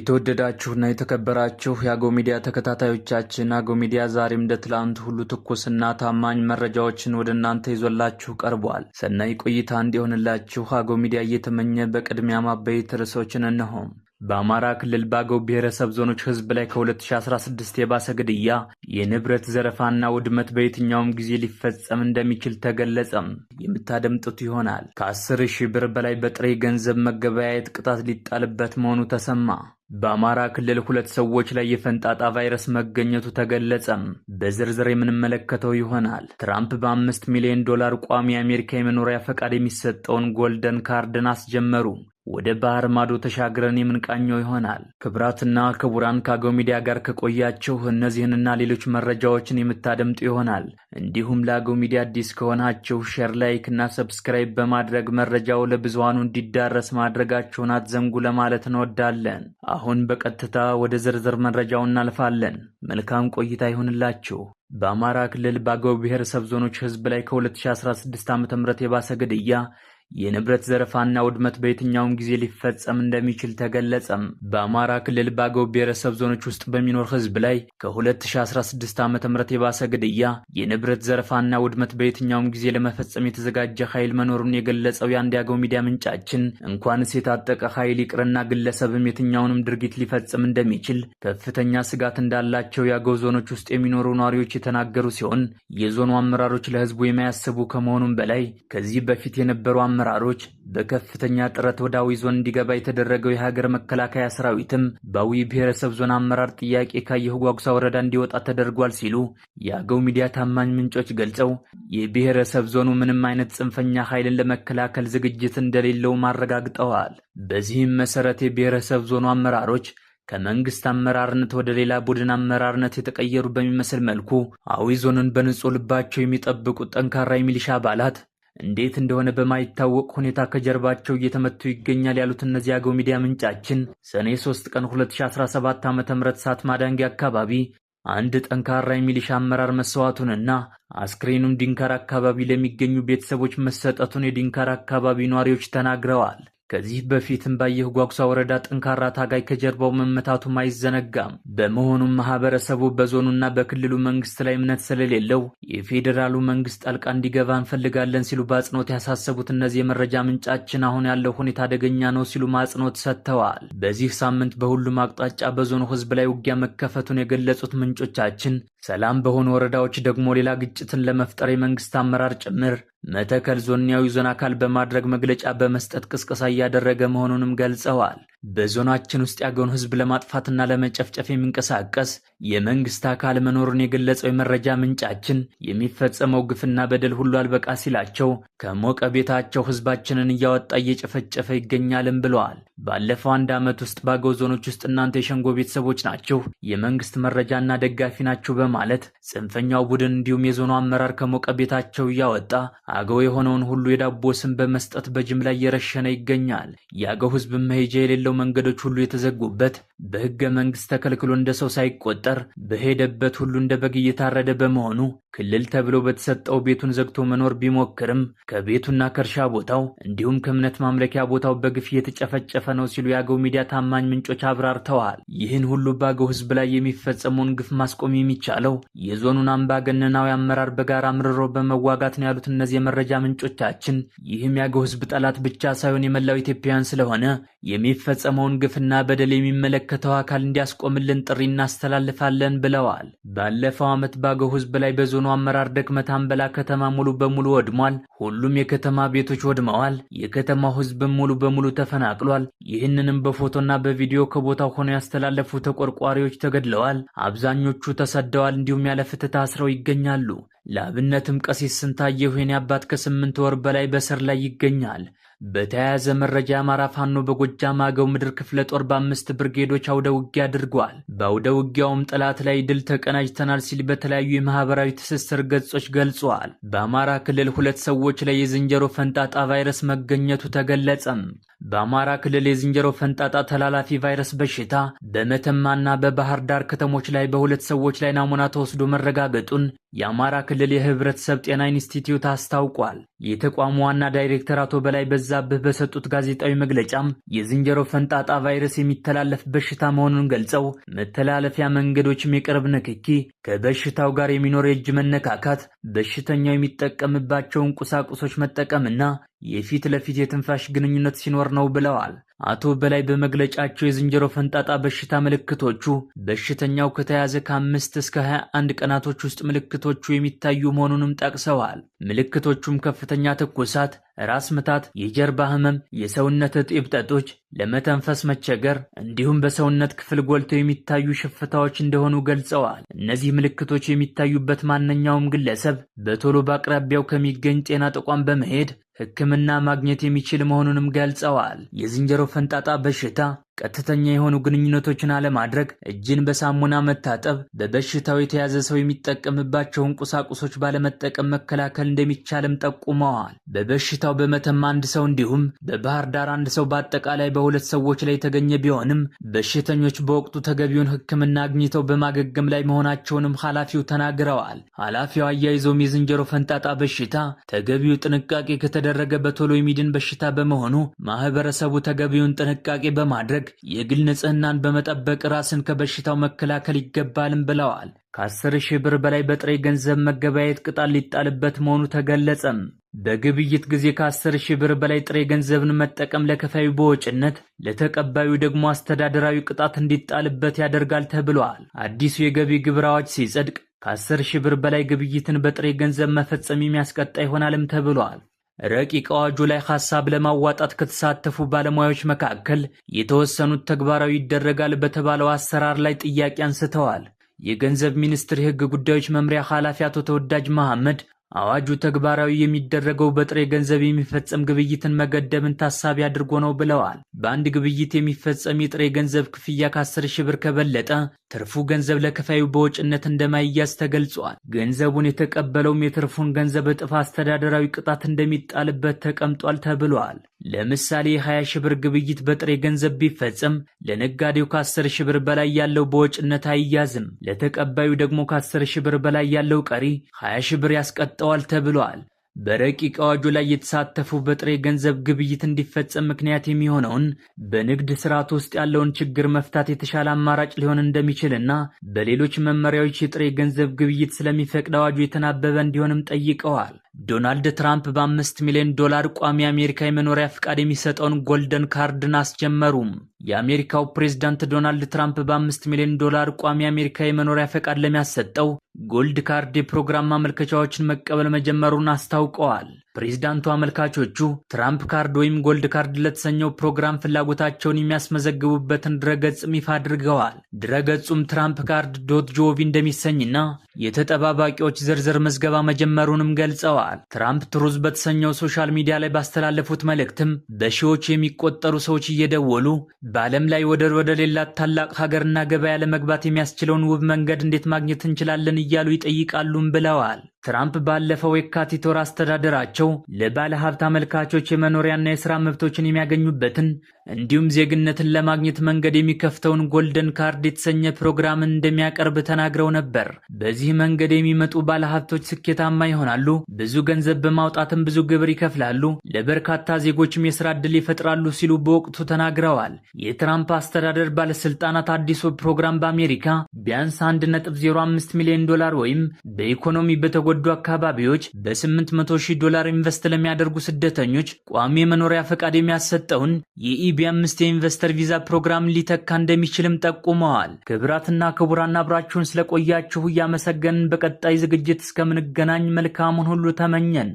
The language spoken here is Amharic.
የተወደዳችሁና የተከበራችሁ የአገው ሚዲያ ተከታታዮቻችን አጎ ሚዲያ ዛሬም እንደ ትላንት ሁሉ ትኩስና ታማኝ መረጃዎችን ወደ እናንተ ይዞላችሁ ቀርቧል። ሰናይ ቆይታ እንዲሆንላችሁ አገው ሚዲያ እየተመኘ በቅድሚያ ማበይት ርዕሶችን እነሆም በአማራ ክልል በአገው ብሔረሰብ ዞኖች ህዝብ ላይ ከ2016 የባሰ ግድያ፣ የንብረት ዘረፋና ውድመት በየትኛውም ጊዜ ሊፈጸም እንደሚችል ተገለጸም። የምታደምጡት ይሆናል። ከ10 ሺህ ብር በላይ በጥሬ ገንዘብ መገበያየት ቅጣት ሊጣልበት መሆኑ ተሰማ። በአማራ ክልል ሁለት ሰዎች ላይ የፈንጣጣ ቫይረስ መገኘቱ ተገለጸም። በዝርዝር የምንመለከተው ይሆናል። ትራምፕ በአምስት ሚሊዮን ዶላር ቋሚ የአሜሪካ የመኖሪያ ፈቃድ የሚሰጠውን ጎልደን ካርድን አስጀመሩ። ወደ ባህር ማዶ ተሻግረን የምንቃኘው ይሆናል። ክብራትና ክቡራን ከአገው ሚዲያ ጋር ከቆያችሁ እነዚህንና ሌሎች መረጃዎችን የምታደምጡ ይሆናል። እንዲሁም ለአገው ሚዲያ አዲስ ከሆናችሁ ሼር፣ ላይክ ና ሰብስክራይብ በማድረግ መረጃው ለብዙሃኑ እንዲዳረስ ማድረጋችሁን አትዘንጉ ለማለት እንወዳለን። አሁን በቀጥታ ወደ ዝርዝር መረጃው እናልፋለን። መልካም ቆይታ ይሁንላችሁ። በአማራ ክልል በአገው ብሔረሰብ ዞኖች ህዝብ ላይ ከ2016 ዓ ም የባሰ ግድያ የንብረት ዘረፋና ውድመት በየትኛውም ጊዜ ሊፈጸም እንደሚችል ተገለጸም። በአማራ ክልል በአገው ብሔረሰብ ዞኖች ውስጥ በሚኖር ህዝብ ላይ ከ2016 ዓ ም የባሰ ግድያ፣ የንብረት ዘረፋና ውድመት በየትኛውም ጊዜ ለመፈጸም የተዘጋጀ ኃይል መኖሩን የገለጸው የአንድ ያገው ሚዲያ ምንጫችን እንኳንስ የታጠቀ ኃይል ይቅርና ግለሰብም የትኛውንም ድርጊት ሊፈጽም እንደሚችል ከፍተኛ ስጋት እንዳላቸው የአገው ዞኖች ውስጥ የሚኖሩ ነዋሪዎች የተናገሩ ሲሆን የዞኑ አመራሮች ለህዝቡ የማያስቡ ከመሆኑም በላይ ከዚህ በፊት የነበሩ አመራሮች በከፍተኛ ጥረት ወደ አዊ ዞን እንዲገባ የተደረገው የሀገር መከላከያ ሰራዊትም በአዊ ብሔረሰብ ዞን አመራር ጥያቄ ካየሁ ጓጉሳ ወረዳ እንዲወጣ ተደርጓል ሲሉ የአገው ሚዲያ ታማኝ ምንጮች ገልጸው የብሔረሰብ ዞኑ ምንም አይነት ጽንፈኛ ኃይልን ለመከላከል ዝግጅት እንደሌለው ማረጋግጠዋል። በዚህም መሰረት የብሔረሰብ ዞኑ አመራሮች ከመንግስት አመራርነት ወደ ሌላ ቡድን አመራርነት የተቀየሩ በሚመስል መልኩ አዊ ዞንን በንጹህ ልባቸው የሚጠብቁት ጠንካራ የሚሊሻ አባላት እንዴት እንደሆነ በማይታወቅ ሁኔታ ከጀርባቸው እየተመቱ ይገኛል ያሉት እነዚህ አገው ሚዲያ ምንጫችን ሰኔ 3 ቀን 2017 ዓ ም ሰዓት ማዳንጌ አካባቢ አንድ ጠንካራ የሚሊሻ አመራር መሰዋቱንና አስክሬኑም ዲንካር አካባቢ ለሚገኙ ቤተሰቦች መሰጠቱን የዲንካር አካባቢ ነዋሪዎች ተናግረዋል። ከዚህ በፊትም ባየህ ጓጉሳ ወረዳ ጠንካራ ታጋይ ከጀርባው መመታቱም አይዘነጋም። በመሆኑም ማህበረሰቡ በዞኑና በክልሉ መንግስት ላይ እምነት ስለሌለው የፌዴራሉ መንግስት ጣልቃ እንዲገባ እንፈልጋለን ሲሉ በአጽንኦት ያሳሰቡት እነዚህ የመረጃ ምንጫችን አሁን ያለው ሁኔታ አደገኛ ነው ሲሉ አጽንኦት ሰጥተዋል። በዚህ ሳምንት በሁሉም አቅጣጫ በዞኑ ህዝብ ላይ ውጊያ መከፈቱን የገለጹት ምንጮቻችን ሰላም በሆኑ ወረዳዎች ደግሞ ሌላ ግጭትን ለመፍጠር የመንግስት አመራር ጭምር መተከል ዞንያዊ ዞን አካል በማድረግ መግለጫ በመስጠት ቅስቀሳ እያደረገ መሆኑንም ገልጸዋል። በዞናችን ውስጥ ያገውን ህዝብ ለማጥፋትና ለመጨፍጨፍ የሚንቀሳቀስ የመንግስት አካል መኖሩን የገለጸው የመረጃ ምንጫችን የሚፈጸመው ግፍና በደል ሁሉ አልበቃ ሲላቸው ከሞቀ ቤታቸው ህዝባችንን እያወጣ እየጨፈጨፈ ይገኛልም ብለዋል። ባለፈው አንድ ዓመት ውስጥ በአገው ዞኖች ውስጥ እናንተ የሸንጎ ቤተሰቦች ናችሁ፣ የመንግስት መረጃና ደጋፊ ናችሁ በማለት ጽንፈኛው ቡድን እንዲሁም የዞኑ አመራር ከሞቀ ቤታቸው እያወጣ አገው የሆነውን ሁሉ የዳቦ ስም በመስጠት በጅምላ እየረሸነ ይገኛል። የአገው ህዝብ መሄጃ የሌለው መንገዶች ሁሉ የተዘጉበት፣ በህገ መንግስት ተከልክሎ እንደ ሰው ሳይቆጠር በሄደበት ሁሉ እንደ በግ እየታረደ በመሆኑ ክልል ተብሎ በተሰጠው ቤቱን ዘግቶ መኖር ቢሞክርም ከቤቱና ከእርሻ ቦታው እንዲሁም ከእምነት ማምለኪያ ቦታው በግፍ እየተጨፈጨፈ ነው ሲሉ የአገው ሚዲያ ታማኝ ምንጮች አብራርተዋል። ይህን ሁሉ በአገው ሕዝብ ላይ የሚፈጸመውን ግፍ ማስቆም የሚቻለው የዞኑን አምባገነናዊ አመራር በጋራ አምርሮ በመዋጋት ነው ያሉት እነዚህ የመረጃ ምንጮቻችን፣ ይህም የአገው ሕዝብ ጠላት ብቻ ሳይሆን የመላው ኢትዮጵያውያን ስለሆነ የሚፈጸመውን ግፍና በደል የሚመለከተው አካል እንዲያስቆምልን ጥሪ እናስተላልፋለን ብለዋል። ባለፈው ዓመት በአገው ሕዝብ ላይ በዞኑ አመራር ደክመት አንበላ ከተማ ሙሉ በሙሉ ወድሟል። ሁሉ ሁሉም የከተማ ቤቶች ወድመዋል። የከተማው ህዝብም ሙሉ በሙሉ ተፈናቅሏል። ይህንንም በፎቶና በቪዲዮ ከቦታው ሆነው ያስተላለፉ ተቆርቋሪዎች ተገድለዋል። አብዛኞቹ ተሰደዋል፣ እንዲሁም ያለ ፍትህ ታስረው ይገኛሉ። ለአብነትም ቀሲስ ስንታየሁ የኔ አባት ከስምንት ወር በላይ በስር ላይ ይገኛል። በተያያዘ መረጃ የአማራ ፋኖ በጎጃም አገው ምድር ክፍለ ጦር በአምስት ብርጌዶች አውደ ውጊያ አድርጓል። በአውደ ውጊያውም ጠላት ላይ ድል ተቀናጅተናል ሲል በተለያዩ የማህበራዊ ትስስር ገጾች ገልጿል። በአማራ ክልል ሁለት ሰዎች ላይ የዝንጀሮ ፈንጣጣ ቫይረስ መገኘቱ ተገለጸም። በአማራ ክልል የዝንጀሮ ፈንጣጣ ተላላፊ ቫይረስ በሽታ በመተማና በባህር ዳር ከተሞች ላይ በሁለት ሰዎች ላይ ናሙና ተወስዶ መረጋገጡን የአማራ ክልል የህብረተሰብ ጤና ኢንስቲትዩት አስታውቋል። የተቋሙ ዋና ዳይሬክተር አቶ በላይ በዛብህ በሰጡት ጋዜጣዊ መግለጫም የዝንጀሮ ፈንጣጣ ቫይረስ የሚተላለፍ በሽታ መሆኑን ገልጸው መተላለፊያ መንገዶችም የቅርብ ንክኪ፣ ከበሽታው ጋር የሚኖር የእጅ መነካካት፣ በሽተኛው የሚጠቀምባቸውን ቁሳቁሶች መጠቀምና የፊት ለፊት የትንፋሽ ግንኙነት ሲኖር ነው ብለዋል አቶ በላይ በመግለጫቸው የዝንጀሮ ፈንጣጣ በሽታ ምልክቶቹ በሽተኛው ከተያዘ ከአምስት እስከ 21 ቀናቶች ውስጥ ምልክቶቹ የሚታዩ መሆኑንም ጠቅሰዋል። ምልክቶቹም ከፍተኛ ትኩሳት፣ ራስ ምታት፣ የጀርባ ህመም፣ የሰውነት እጢ እብጠቶች፣ ለመተንፈስ መቸገር እንዲሁም በሰውነት ክፍል ጎልተው የሚታዩ ሽፍታዎች እንደሆኑ ገልጸዋል። እነዚህ ምልክቶች የሚታዩበት ማንኛውም ግለሰብ በቶሎ በአቅራቢያው ከሚገኝ ጤና ተቋም በመሄድ ሕክምና ማግኘት የሚችል መሆኑንም ገልጸዋል። የዝንጀሮ ፈንጣጣ በሽታ ቀጥተኛ የሆኑ ግንኙነቶችን አለማድረግ፣ እጅን በሳሙና መታጠብ፣ በበሽታው የተያዘ ሰው የሚጠቀምባቸውን ቁሳቁሶች ባለመጠቀም መከላከል እንደሚቻልም ጠቁመዋል። በበሽታው በመተማ አንድ ሰው እንዲሁም በባህር ዳር አንድ ሰው በአጠቃላይ በሁለት ሰዎች ላይ የተገኘ ቢሆንም በሽተኞች በወቅቱ ተገቢውን ሕክምና አግኝተው በማገገም ላይ መሆናቸውንም ኃላፊው ተናግረዋል። ኃላፊው አያይዘውም የዝንጀሮ ፈንጣጣ በሽታ ተገቢው ጥንቃቄ ከተደረገ በቶሎ የሚድን በሽታ በመሆኑ ማህበረሰቡ ተገቢውን ጥንቃቄ በማድረግ የግል ንጽህናን በመጠበቅ ራስን ከበሽታው መከላከል ይገባልም ብለዋል። ከአስር ሺህ ብር በላይ በጥሬ ገንዘብ መገበያየት ቅጣት ሊጣልበት መሆኑ ተገለጸም። በግብይት ጊዜ ከአስር ሺህ ብር በላይ ጥሬ ገንዘብን መጠቀም ለከፋዩ በወጭነት ለተቀባዩ ደግሞ አስተዳደራዊ ቅጣት እንዲጣልበት ያደርጋል ተብሏል። አዲሱ የገቢ ግብር አዋጅ ሲጸድቅ ከአስር ሺህ ብር በላይ ግብይትን በጥሬ ገንዘብ መፈጸም የሚያስቀጣ ይሆናልም ተብሏል። ረቂቅ አዋጁ ላይ ሐሳብ ለማዋጣት ከተሳተፉ ባለሙያዎች መካከል የተወሰኑት ተግባራዊ ይደረጋል በተባለው አሰራር ላይ ጥያቄ አንስተዋል። የገንዘብ ሚኒስቴር የሕግ ጉዳዮች መምሪያ ኃላፊ አቶ ተወዳጅ መሐመድ አዋጁ ተግባራዊ የሚደረገው በጥሬ ገንዘብ የሚፈጸም ግብይትን መገደብን ታሳቢ አድርጎ ነው ብለዋል። በአንድ ግብይት የሚፈጸም የጥሬ ገንዘብ ክፍያ ከ10 ሺህ ብር ከበለጠ ትርፉ ገንዘብ ለከፋዩ በወጭነት እንደማይያዝ ተገልጿል። ገንዘቡን የተቀበለውም የትርፉን ገንዘብ እጥፍ አስተዳደራዊ ቅጣት እንደሚጣልበት ተቀምጧል ተብሏል። ለምሳሌ 20 ሺህ ብር ግብይት በጥሬ ገንዘብ ቢፈጸም ለነጋዴው ከ10 ሺህ ብር በላይ ያለው በወጭነት አይያዝም። ለተቀባዩ ደግሞ ከ10 ሺህ ብር በላይ ያለው ቀሪ 20 ሺህ ብር ያስቀጣዋል ተብሏል። በረቂቅ አዋጁ ላይ የተሳተፉ በጥሬ ገንዘብ ግብይት እንዲፈጸም ምክንያት የሚሆነውን በንግድ ስርዓት ውስጥ ያለውን ችግር መፍታት የተሻለ አማራጭ ሊሆን እንደሚችልና በሌሎች መመሪያዎች የጥሬ ገንዘብ ግብይት ስለሚፈቅድ አዋጁ የተናበበ እንዲሆንም ጠይቀዋል። ዶናልድ ትራምፕ በአምስት ሚሊዮን ዶላር ቋሚ የአሜሪካ የመኖሪያ ፍቃድ የሚሰጠውን ጎልደን ካርድን አስጀመሩም። የአሜሪካው ፕሬዝዳንት ዶናልድ ትራምፕ በአምስት ሚሊዮን ዶላር ቋሚ የአሜሪካ የመኖሪያ ፈቃድ ለሚያሰጠው ጎልድ ካርድ የፕሮግራም ማመልከቻዎችን መቀበል መጀመሩን አስታውቀዋል። ፕሬዚዳንቱ አመልካቾቹ ትራምፕ ካርድ ወይም ጎልድ ካርድ ለተሰኘው ፕሮግራም ፍላጎታቸውን የሚያስመዘግቡበትን ድረገጽም ይፋ አድርገዋል። ድረገጹም ትራምፕ ካርድ ዶት ጆቪ እንደሚሰኝና የተጠባባቂዎች ዝርዝር ምዝገባ መጀመሩንም ገልጸዋል። ትራምፕ ትሩዝ በተሰኘው ሶሻል ሚዲያ ላይ ባስተላለፉት መልእክትም በሺዎች የሚቆጠሩ ሰዎች እየደወሉ በዓለም ላይ ወደር ወደሌላት ታላቅ ሀገርና ገበያ ለመግባት የሚያስችለውን ውብ መንገድ እንዴት ማግኘት እንችላለን እያሉ ይጠይቃሉም ብለዋል። ትራምፕ ባለፈው የካቲት ወር አስተዳደራቸው ለባለሀብት አመልካቾች የመኖሪያና የሥራ መብቶችን የሚያገኙበትን እንዲሁም ዜግነትን ለማግኘት መንገድ የሚከፍተውን ጎልደን ካርድ የተሰኘ ፕሮግራምን እንደሚያቀርብ ተናግረው ነበር። በዚህ መንገድ የሚመጡ ባለሀብቶች ስኬታማ ይሆናሉ፣ ብዙ ገንዘብ በማውጣትም ብዙ ግብር ይከፍላሉ፣ ለበርካታ ዜጎችም የስራ ዕድል ይፈጥራሉ ሲሉ በወቅቱ ተናግረዋል። የትራምፕ አስተዳደር ባለስልጣናት አዲሱ ፕሮግራም በአሜሪካ ቢያንስ 1.05 ሚሊዮን ዶላር ወይም በኢኮኖሚ በተጎዱ አካባቢዎች በ800 ዶላር ኢንቨስት ለሚያደርጉ ስደተኞች ቋሚ የመኖሪያ ፈቃድ የሚያሰጠውን የኢ በሊቢያ አምስት የኢንቨስተር ቪዛ ፕሮግራም ሊተካ እንደሚችልም ጠቁመዋል። ክቡራትና ክቡራን አብራችሁን ስለቆያችሁ እያመሰገንን በቀጣይ ዝግጅት እስከምንገናኝ መልካሙን ሁሉ ተመኘን።